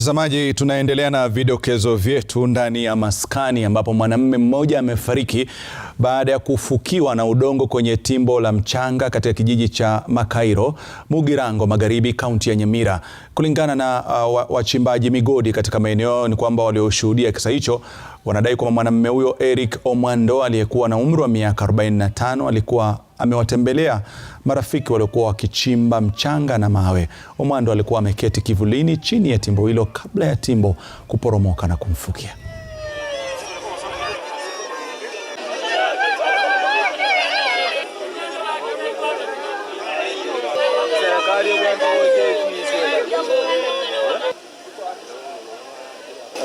Mtazamaji, tunaendelea na vidokezo vyetu ndani ya maskani ambapo mwanamume mmoja amefariki baada ya kufukiwa na udongo kwenye timbo la mchanga katika kijiji cha Makairo, Mugirango Magharibi, kaunti ya Nyamira. Kulingana na uh, wachimbaji migodi katika maeneo ni kwamba walioshuhudia kisa hicho Wanadai kwamba mwanamume huyo Eric Omwando aliyekuwa na umri wa miaka 45 alikuwa amewatembelea marafiki waliokuwa wakichimba mchanga na mawe. Omwando alikuwa ameketi kivulini chini ya timbo hilo kabla ya timbo kuporomoka na kumfukia.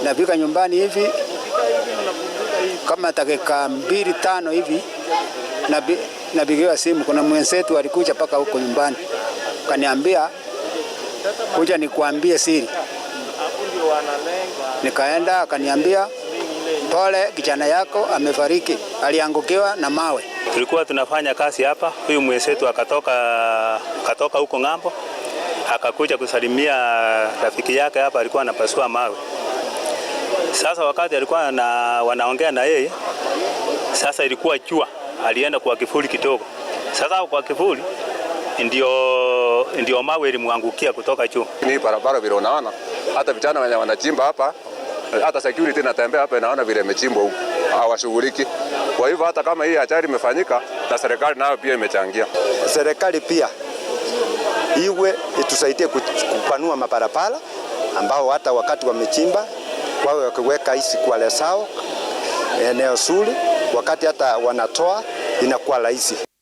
Nafika nyumbani hivi kama dakika mbili tano hivi napigiwa simu. Kuna mwenzetu alikuja paka huko nyumbani, kaniambia kuja nikuambie siri. Nikaenda, akaniambia pole, kijana yako amefariki, aliangukiwa na mawe. Tulikuwa tunafanya kazi hapa, huyu mwenzetu akatoka akatoka huko ng'ambo, akakuja kusalimia rafiki yake hapa, alikuwa anapasua mawe sasa wakati alikuwa na, wanaongea na yeye sasa, ilikuwa jua, alienda kwa kifuli kidogo. Sasa kwa kifuli ndio ndio mawe ilimwangukia kutoka juu. Ni barabara vile unaona, hata vitana wenye wanachimba hapa, hata security natembea hapa, inaona vile imechimbwa huko, hawashughuliki. Kwa hivyo hata kama hii ajali imefanyika, na serikali nayo pia imechangia. Serikali pia iwe itusaidie kupanua mabarabara ambao hata wakati wamechimba kwao ya kuweka hisi kwa lesao eneo zuri, wakati hata wanatoa inakuwa rahisi.